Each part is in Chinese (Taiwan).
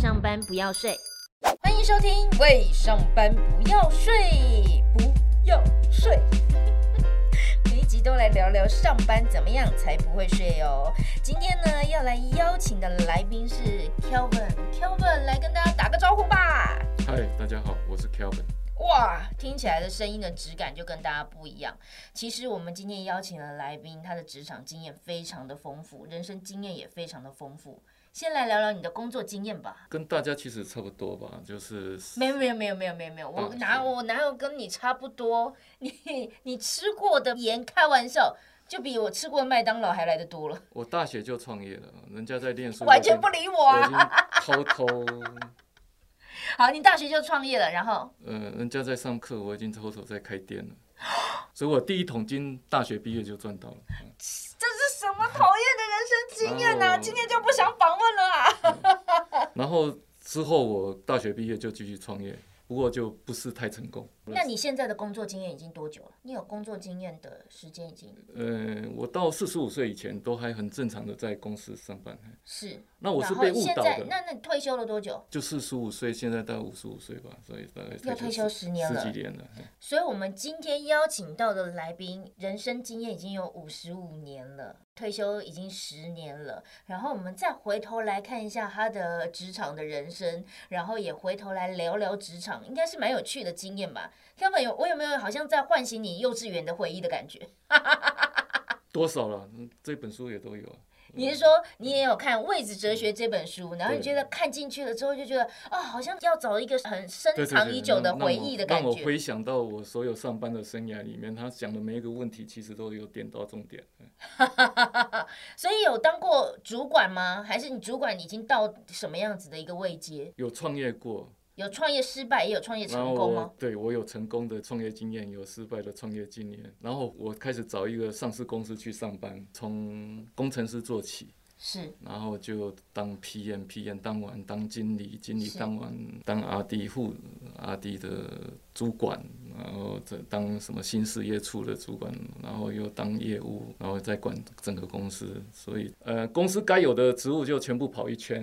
上班不要睡，歡迎收聽《為上班不要睡，不要睡。》 每一集都來聊聊上班怎麼樣才不會睡哦。今天呢，要來邀請的來賓是 Keliven。Keliven 來跟大家打個招呼吧。Hi，大家好，我是 Keliven。哇，聽起來的聲音的質感就跟大家不一樣。其實我們今天邀請的來賓，他的職場經驗非常的豐富，人生經驗也非常的豐富。先來聊聊你的工作經驗吧。跟大家其實差不多吧，就是。沒有沒有沒有沒有沒有沒有、啊，我哪我哪有跟你差不多？你你吃過的鹽，開玩笑，就比我吃過麥當勞還來得多了。我大學就創業了，人家在念書。完全不理我啊！我偷偷。 好，你大學就創業了，然後。嗯，人家在上課，我已經偷偷在開店了， 所以我第一桶金大學畢業就賺到了。嗯、這是什麼討厭的？嗯經驗吶、啊，今天就不想訪問了啊然。然後之後我大學畢業就繼續創業，不過就不是太成功。那你現在的工作經驗已經多久了？你有工作經驗的時間已經？嗯、哎，我到四十五歲以前都還很正常的在公司上班。是。那我是被誤導的。現在那那退休了多久？就四十五歲，現在到五十五歲吧，所以大概退要退休十年了，十幾年了。哎、所以，我們今天邀請到的來賓，人生經驗已經有五十五年了，退休已經十年了。然後，我們再回頭來看一下他的職場的人生，然後也回頭來聊聊職場，應該是蠻有趣的經驗吧。根本有我有沒有好像在喚醒你幼稚園的回憶的感覺？ 多少了？這本書也都有，啊。你是說你也有看《位置哲學》這本書，然後你覺得看進去了之後就覺得，哦，好像要找一個很深藏已久的回憶的感覺，對對對。讓我回想到我所有上班的生涯裡面，他講的每一個問題其實都有點到重點。哈哈哈！ 所以有當過主管嗎？還是你主管已經到什麼樣子的一個位階？有創業過。有創業失敗，也有創業成功嗎？對，我有成功的創業經驗，有失敗的創業經驗。然後我開始找一個上市公司去上班，從工程師做起，是，然後就當 PM，PM 當完，當經理，經理當完，當 RD，副 RD 的主管。然後這當什麼新事業處的主管，然後又當業務，然後再管整個公司，所以呃公司該有的職務就全部跑一圈。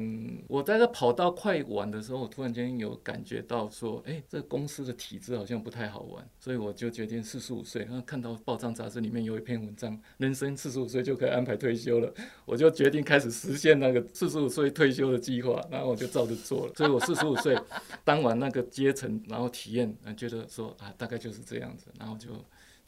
我在這跑到快晚的時候，我突然間有感覺到說，哎，這公司的體制好像不太好玩，所以我就決定四十五歲。然後看到報章雜誌裡面有一篇文章，人生四十五歲就可以安排退休了，我就決定開始實現那個四十五歲退休的計劃。然後我就照着做了，所以我四十五歲 當完那個階層，然後體驗，呃覺得說啊大概就是這樣子，然後就。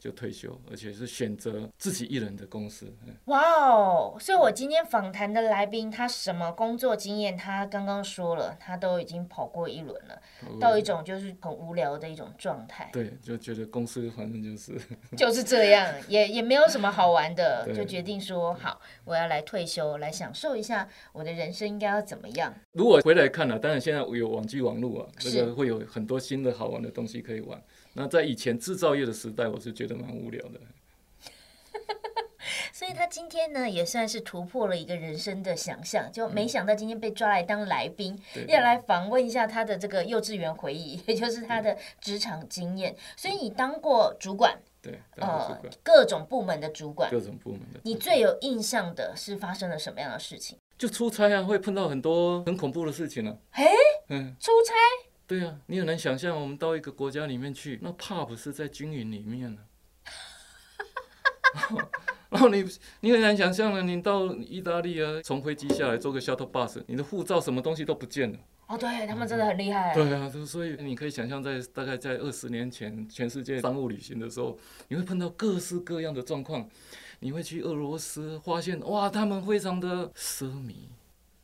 就退休，而且是選擇自己一人的公司。哇、欸、哦！Wow, 所以，我今天訪談的來賓，他什麼工作經驗？他剛剛說了，他都已經跑過一輪了，到一種就是很無聊的一種狀態。對，就覺得公司反正就是就是這樣， 也也沒有什麼好玩的， 就決定說好，我要來退休，來享受一下我的人生應該要怎麼樣。如果回來看了、啊，當然現在有網際網路啊，這、就、個、是、會有很多新的好玩的東西可以玩。那在以前製造業的時代，我是覺得。都蠻無聊的， 所以他今天呢也算是突破了一個人生的想象，就沒想到今天被抓來當來賓，嗯、要來訪問一下他的這個幼稚園回憶，也就是他的職場經驗。所以你當過主管，對，呃，各種部門的主管，各種部門的，主管部門的部門，你最有印象的是發生了什麼樣的事情？就出差啊，會碰到很多很恐怖的事情了、啊。哎、欸，嗯，出差，對啊，你很難想象，我們到一個國家裡面去，那怕不是在軍營裡面呢、啊。 然後你你很難想象的，你到意大利啊，從飛機下來坐個 shuttle bus，你的護照什麼東西都不見了。哦，對，他們真的很厲害欸。對啊，所以你可以想象，在大概在二十年前，全世界商務旅行的時候，你會碰到各式各樣的狀況。你會去俄羅斯，發現哇，他們非常的奢靡。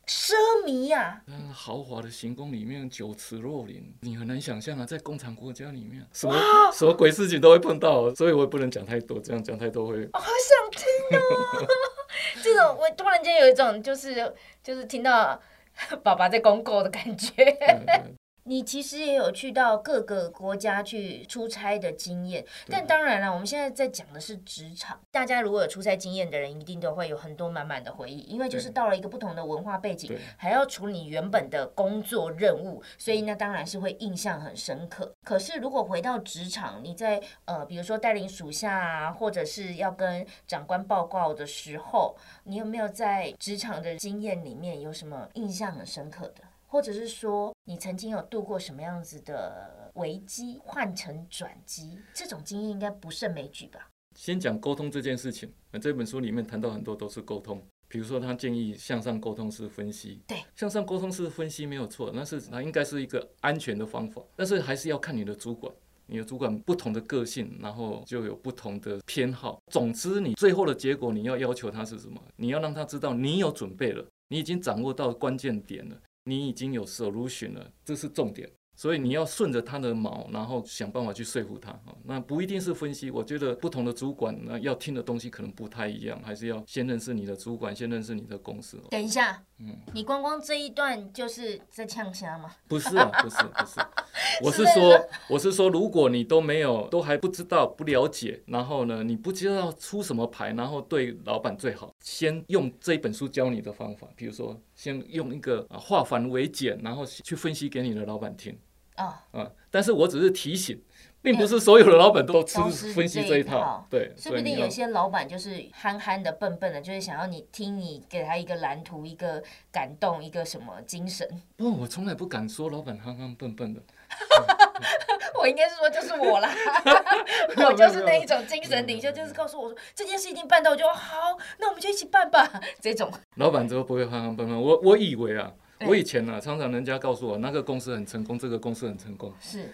奢靡呀、啊，但豪華的行宮裡面，酒池肉林，你很難想象啊，在共產國家裡面，什麼什麼鬼事情都會碰到，所以我也不能講太多，這樣講太多會、哦……好想聽哦， 這種我突然間有一種就是就是聽到爸爸在講古的感覺。對對對你其實也有去到各個國家去出差的經驗，但當然了，我們現在在講的是職場。大家如果有出差經驗的人，一定都會有很多滿滿的回憶，因為就是到了一個不同的文化背景，還要處理原本的工作任務，所以那當然是會印象很深刻。可是如果回到職場，你在呃，比如說帶領屬下啊，或者是要跟長官報告的時候，你有沒有在職場的經驗裡面有什麼印象很深刻的？或者是說，你曾經有度過什麼樣子的危機換成轉機？這種經驗應該不勝枚舉吧。先講溝通這件事情。那這本書裡面談到很多都是溝通，比如說他建議向上溝通是分析。對，向上溝通是分析沒有錯，那是它應該是一個安全的方法。但是還是要看你的主管，你的主管不同的個性，然後就有不同的偏好。總之，你最後的結果你要要求他是什麼？你要讓他知道你有準備了，你已經掌握到關鍵點了。你已經有 solution 了，這是重點。所以你要順着他的毛，然後想辦法去說服他。那不一定是分析，我覺得不同的主管呢，要聽的東西可能不太一樣，還是要先認識你的主管，先認識你的公司。等一下，嗯，你光光這一段就是在嗆蝦嗎？不是啊，不是啊，不是，不 是、啊。我是說，我是說，如果你都沒有，都還不知道、不了解，然後呢，你不知道出什麼牌，然後對老闆最好，先用這一本書教你的方法，比如說，先用一個啊化繁為簡，然後去分析給你的老闆聽。啊、oh, 嗯，但是我只是提醒，並不是所有的老闆都吃 yeah, 都分析這一套，一套對，說不定有些老闆就是憨憨的、笨笨的，就是想要你聽你給他一個藍圖、一個感動、一個什麼精神。不，我從來不敢說老闆憨憨笨笨的。 嗯、 我應該是說就是我啦， 我就是那一種精神領袖，就是告訴我說 這件事一定辦到，我就好，那我們就一起辦吧，這種。老板怎麼不會憨憨笨笨，我我以為啊。我以前呢，啊，常常人家告訴我，那個公司很成功，這個公司很成功。是，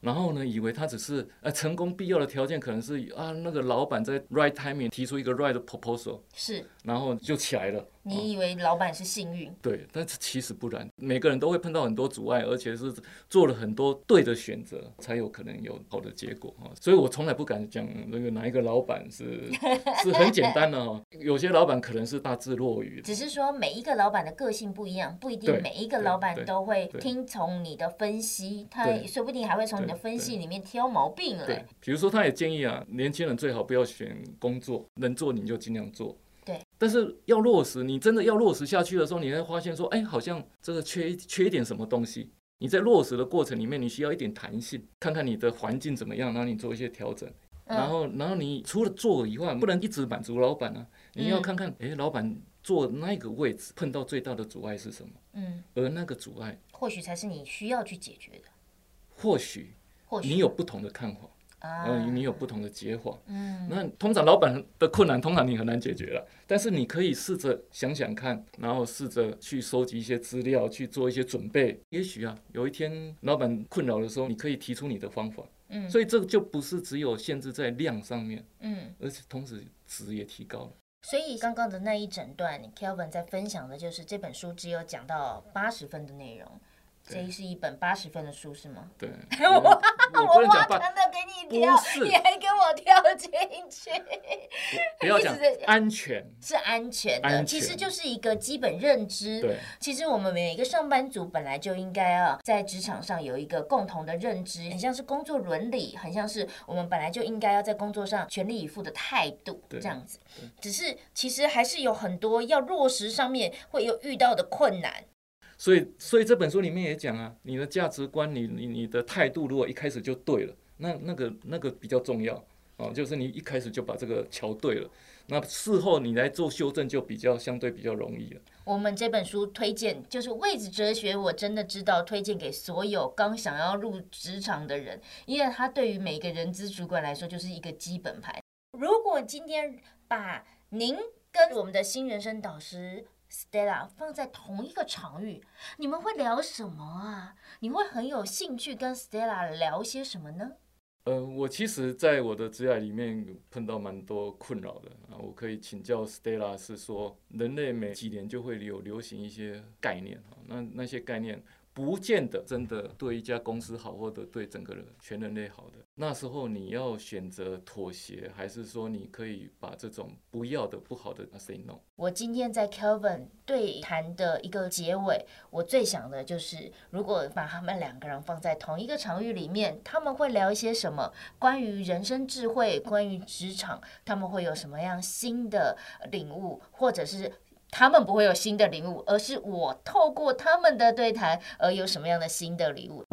然後呢，以為他只是，呃，成功必要的條件可能是啊，那個老闆在 right timing 提出一個 right proposal，是，然後就起來了。你以為老闆是幸運？哦，對，但是其實不然，每個人都會碰到很多阻礙，而且是做了很多對的選擇，才有可能有好的結果，哦，所以我從來不敢講那個哪一個老闆是 是很簡單的哈，哦。有些老闆可能是大智若愚。只是說每一個老闆的個性不一樣，不一定每一個老闆都會聽從你的分析，他說不定還會從你的分析裡面挑毛病嘞。比如說，他也建議啊，年輕人最好不要選工作，能做你就儘量做。但是要落實，你真的要落實下去的時候，你會發現說，哎、欸，好像這個缺缺點什麼東西。你在落實的過程裡面，你需要一點彈性，看看你的環境怎麼樣，然後你做一些調整、嗯。然後，然後你除了做以外，不能一直滿足老闆啊。你要看看，哎、嗯欸，老闆坐那個位置碰到最大的阻礙是什麼？嗯。而那個阻礙，或許才是你需要去解決的。或許，或許你有不同的看法。嗯，你有不同的解法、啊。嗯，那通常老闆的困難，通常你很難解決了。但是你可以試着想想看，然後試着去收集一些資料，去做一些準備。也許啊，有一天老闆困擾的時候，你可以提出你的方法。嗯，所以這個就不是只有限制在量上面，嗯，而且同時值也提高了。所以剛剛的那一整段，你 Keliven 在分享的就是這本書只有講到八十分的內容。這一是一本八十分的書，是嗎？對。我，我，我花挖坑的給你跳，你還跟我跳進去。不要講安全是，是安全的安全。其實就是一個基本認知。對。其實我們每一個上班族本來就應該要在職場上有一個共同的認知，很像是工作倫理，很像是我們本來就應該要在工作上全力以赴的態度。對，這樣子。對。只是其實還是有很多要落實上面會有遇到的困難。所以，所以這本書裡面也講啊，你的價值觀，你你你的態度，如果一開始就對了，那那個那個比較重要哦，就是你一開始就把這個喬對了，那事後你來做修正就比較相對比較容易了。嗯、我們這本書推薦就是位置哲學，我真的知道推薦給所有剛想要入職場的人，因為它對於每個人資主管來說就是一個基本牌。如果今天把您跟我們的星人生導師 Stella 放在同一個場域，你們會聊什麼啊？你會很有興趣跟 Stella 聊些什麼呢？嗯、呃，我其實在我的職業裡面碰到蠻多困擾的啊，我可以請教 Stella 是說，人類每幾年就會有流行一些概念，那那些概念。不見得真的對一家公司好，或者對整個人全人類好的。那時候你要選擇妥協，還是說你可以把這種不要的、不好的 say no？我今天在 Keliven 對談的一個結尾，我最想的就是，如果把他們兩個人放在同一個場域裡面，他們會聊一些什麼？關於人生智慧，關於職場，他們會有什麼樣新的領悟，或者是？他們不會有新的禮物，而是我透過他們的對談而有什麼樣的新的禮物。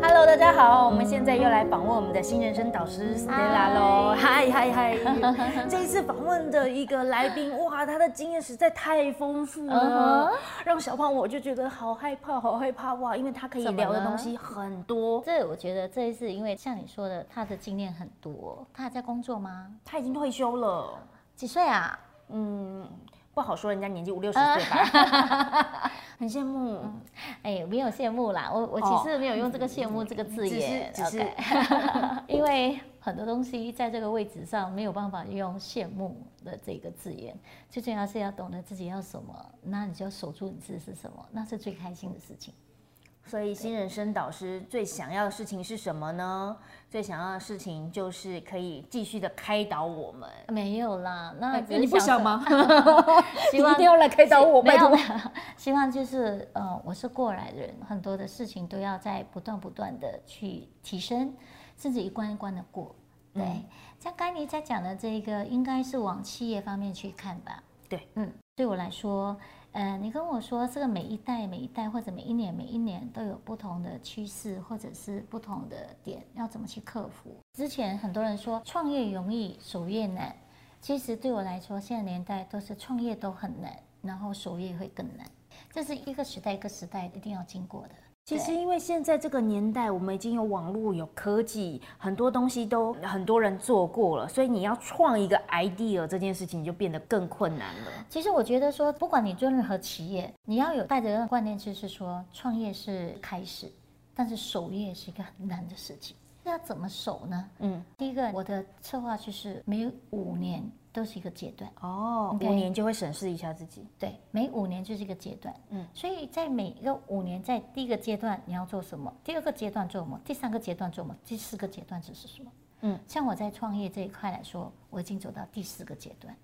Hello，大家好，我們現在又來訪問我們的星人生導師 Stella 嘍。嗨嗨嗨！這一次訪問的一個來賓，哇，他的經驗實在太豐富了，uh -huh. 讓小胖我就覺得好害怕，好害怕哇！因為他可以聊的東西很多，很多。這我覺得這一次因為像你說的，他的經驗很多。他還在工作嗎？他已經退休了。幾歲啊？嗯。不好說，人家年紀五六十歲吧， 很羨慕。哎、嗯欸，沒有羨慕啦，我我其實沒有用這個羨慕、哦、這個字眼，只是，只是、okay、 因為很多東西在這個位置上沒有辦法用羨慕的這個字眼。最重要是要懂得自己要什麼，那你就要守住你自己是什麼，那是最開心的事情。所以星人生導師最想要的事情是什麼呢？最想要的事情就是可以繼續的開導我們。沒有啦，那、欸、你不想嗎？ 希望 你一定要來開導我們 希望就是呃、嗯，我是過來人，很多的事情都要在不斷不斷的去提升，甚至一關一關的過。對，像剛你在講的這個，應該是往企業方面去看吧？對，嗯，對我來說。嗯，你跟我說這個每一代、每一代或者每一年、每一年都有不同的趨勢，或者是不同的點，要怎麼去克服？之前很多人說創業容易，守業難，其實對我來說，現在年代都是創業都很難，然後守業會更難。這是一個時代一個時代一定要經過的。其實，因為現在這個年代，我們已經有網絡、有科技，很多東西都很多人做過了，所以你要創一個 idea 這件事情就變得更困難了。其實，我覺得說，不管你做任何企業，你要有帶着一個觀念，就是說，創業是開始，但是守業是一個很難的事情。那要怎麼守呢？嗯，第一個，我的策劃就是每五年。都是一個階段哦，五年就會審視一下自己。對，每五年就是一個階段。嗯，所以在每一個五年，在第一個階段你要做什麼？第二個階段做什麼？第三個階段做什麼？第四個階段只是什麼？嗯，像我在創業這一塊來說，我已經走到第四個階段，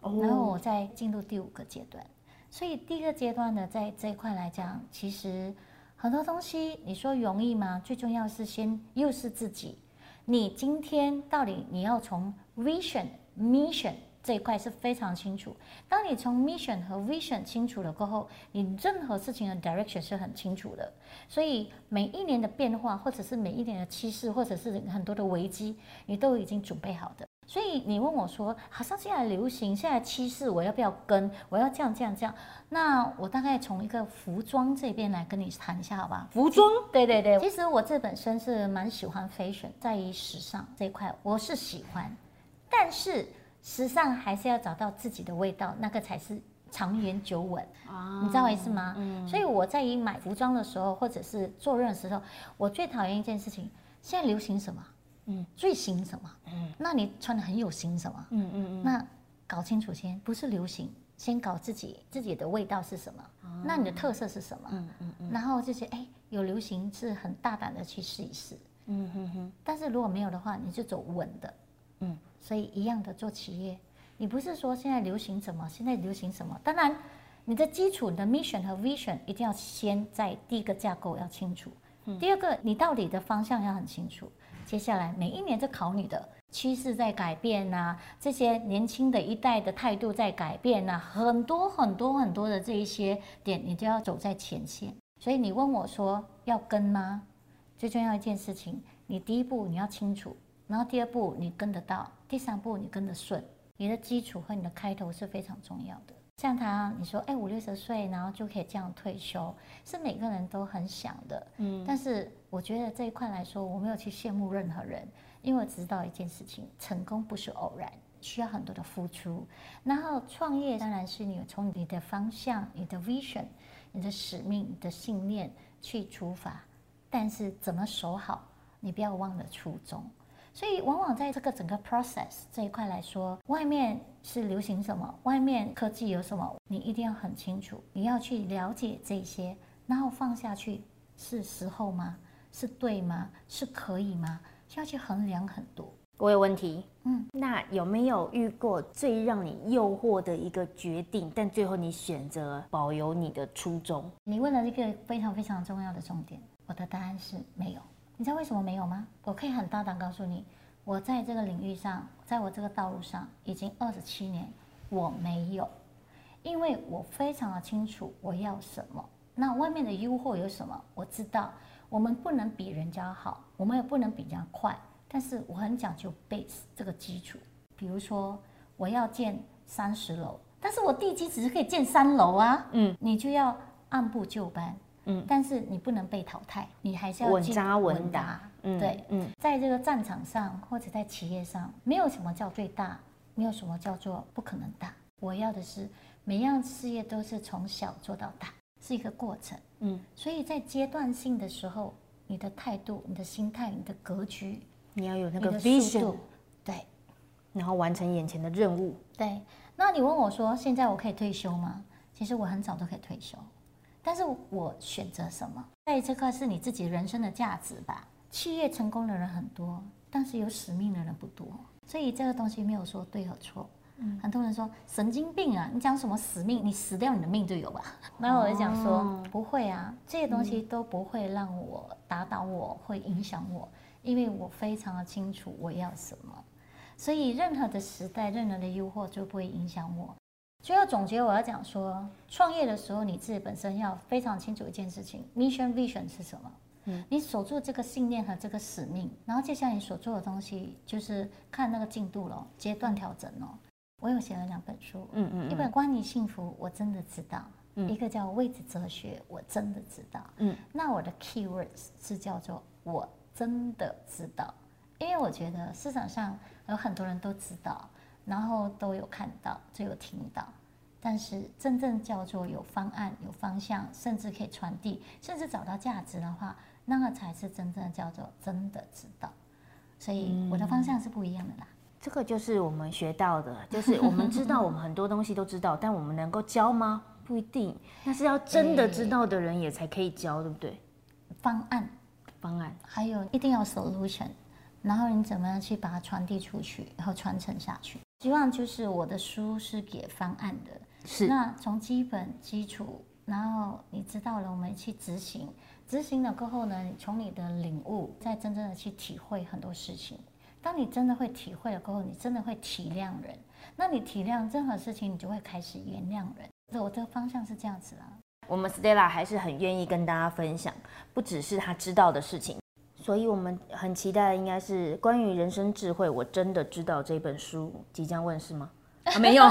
哦，然後我再進入第五個階段。所以第一個階段呢，在這一塊來講，其實很多東西，你說容易嗎？最重要是先認識自己。你今天到底你要從 vision？Mission 這一塊是非常清楚，當你從 Mission 和 Vision 清楚了過後，你任何事情的 Direction 是很清楚的。所以每一年的變化，或者是每一年的趨勢，或者是很多的危機，你都已經準備好的。所以你問我說，好像現在流行，現在趨勢，我要不要跟？我要這樣這樣這樣？那我大概從一個服裝這邊來跟你談一下，好吧？服裝？對對對。其實我這本身是蠻喜歡 Fashion，在於時尚這一塊，我是喜歡。但是時尚還是要找到自己的味道，那個才是長遠久穩啊！你知道我意思嗎？嗯。所以我在以買服裝的時候，或者是做任何時候，我最討厭一件事情。現在流行什麼？嗯。最新什麼？嗯。那你穿的很有型什麼？嗯嗯、嗯。那搞清楚先，不是流行，先搞自己自己的味道是什麼、啊？那你的特色是什麼？嗯嗯嗯。然後就是哎、欸，有流行是很大膽的去試一試。嗯、嗯、嗯、嗯，但是如果沒有的話，你就走穩的。嗯。所以一樣的做企業，你不是說現在流行什麼？現在流行什麼？當然，你的基礎、你的 mission 和 vision 一定要先在第一個架構要清楚。第二個，你到底的方向要很清楚。接下來每一年就考你的趨勢在改變吶、啊，這些年輕的一代的態度在改變吶、啊，很多很多很多的這一些點，你就要走在前線。所以你問我說要跟嗎？最重要一件事情，你第一步你要清楚。然後第二步你跟得到，第三步你跟得順，你的基礎和你的開頭是非常重要的。像他你說，哎，五六十歲然後就可以這樣退休，是每個人都很想的。嗯，但是我覺得這一塊來說，我沒有去羨慕任何人，因為我知道一件事情：成功不是偶然，需要很多的付出。然後創業當然是你從你的方向、你的 vision、你的使命、你的信念去出發，但是怎麼守好，你不要忘了初衷。所以，往往在這個整個 process 這一塊來說，外面是流行什麼，外面科技有什麼，你一定要很清楚，你要去了解這些，然後放下去。是時候嗎？是對嗎？是可以嗎？需要去衡量很多。我有問題，嗯，那有沒有遇過最讓你誘惑的一個決定，但最後你選擇保有你的初衷？你問了一個非常非常重要的重點，我的答案是沒有。你知道為什麼沒有嗎？我可以很大膽告訴你，我在這個領域上，在我這個道路上已經二十七年，我沒有，因為我非常的清楚我要什麼。那外面的誘惑有什麼？我知道，我們不能比人家好，我們也不能比人家快。但是我很講究 base 這個基礎，比如說我要建三十樓，但是我地基只是可以建三樓啊。嗯，你就要按部就班。嗯，但是你不能被淘汰，你還是要穩紮穩打。嗯，對，嗯，在這個戰場上或者在企業上，沒有什麼叫最大，沒有什麼叫做不可能大。我要的是每樣事業都是從小做到大，是一個過程。嗯，所以在階段性的時候，你的態度、你的心態、你的格局，你要有那個 vision，速度，對，然後完成眼前的任務。對，那你問我說，現在我可以退休嗎？其實我很早都可以退休。但是我選擇什麼，在這個是你自己人生的價值吧。企業成功的人很多，但是有使命的人不多，所以這個東西沒有說對和錯。嗯。很多人說神經病啊，你講什麼使命？你死掉你的命就有吧？嗯。然後我就講說不會啊，這些東西都不會讓我打倒我，會影響我，因為我非常的清楚我要什麼，所以任何的時代，任何的誘惑都不會影響我。所以要總結，我要講說，創業的時候你自己本身要非常清楚一件事情，mission vision 是什麼。嗯，你守住這個信念和這個使命，然後接下來你所做的東西就是看那個進度咯，階段調整咯，我有寫了兩本書。嗯嗯，一本關於幸福，我真的知道；一個叫位置哲學，我真的知道。嗯，那我的 keywords 是叫做我真的知道，因為我覺得市場上有很多人都知道。然後都有看到，就有聽到，但是真正叫做有方案、有方向，甚至可以傳遞，甚至找到價值的話，那個才是真正叫做真的知道。所以我的方向是不一樣的啦。嗯，這個就是我們學到的，就是我們知道我們很多東西都知道， 但我們能夠教嗎？不一定，那是要真的知道的人也才可以教，對不對？方案，方案，還有一定要 solution，然後你怎麼樣去把它傳遞出去，然後傳承下去。希望就是我的書是給方案的，是。那從基本基礎，然後你知道了，我們去執行，執行了過後呢，從你，你的領悟，再真正的去體會很多事情。當你真的會體會了過後，你真的會體諒人，那你體諒任何事情，你就會開始原諒人。所以我這個方向是這樣子啦。我們 Stella 還是很願意跟大家分享，不只是他知道的事情。所以，我們很期待應該是關於人生智慧。我真的知道這本書即將問世嗎？啊，沒有，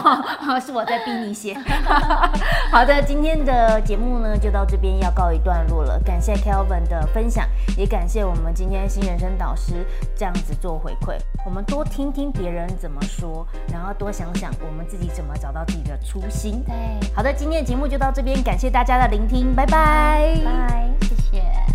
是我在逼你寫。 好的，今天的節目呢，就到這邊要告一段落了。感謝 Keliven 的分享，也感謝我們今天星人生導師這樣子做回饋。我們多聽聽別人怎麼說，然後多想想我們自己怎麼找到自己的初心。對，好的，今天的節目就到這邊，感謝大家的聆聽，拜拜，拜，謝謝。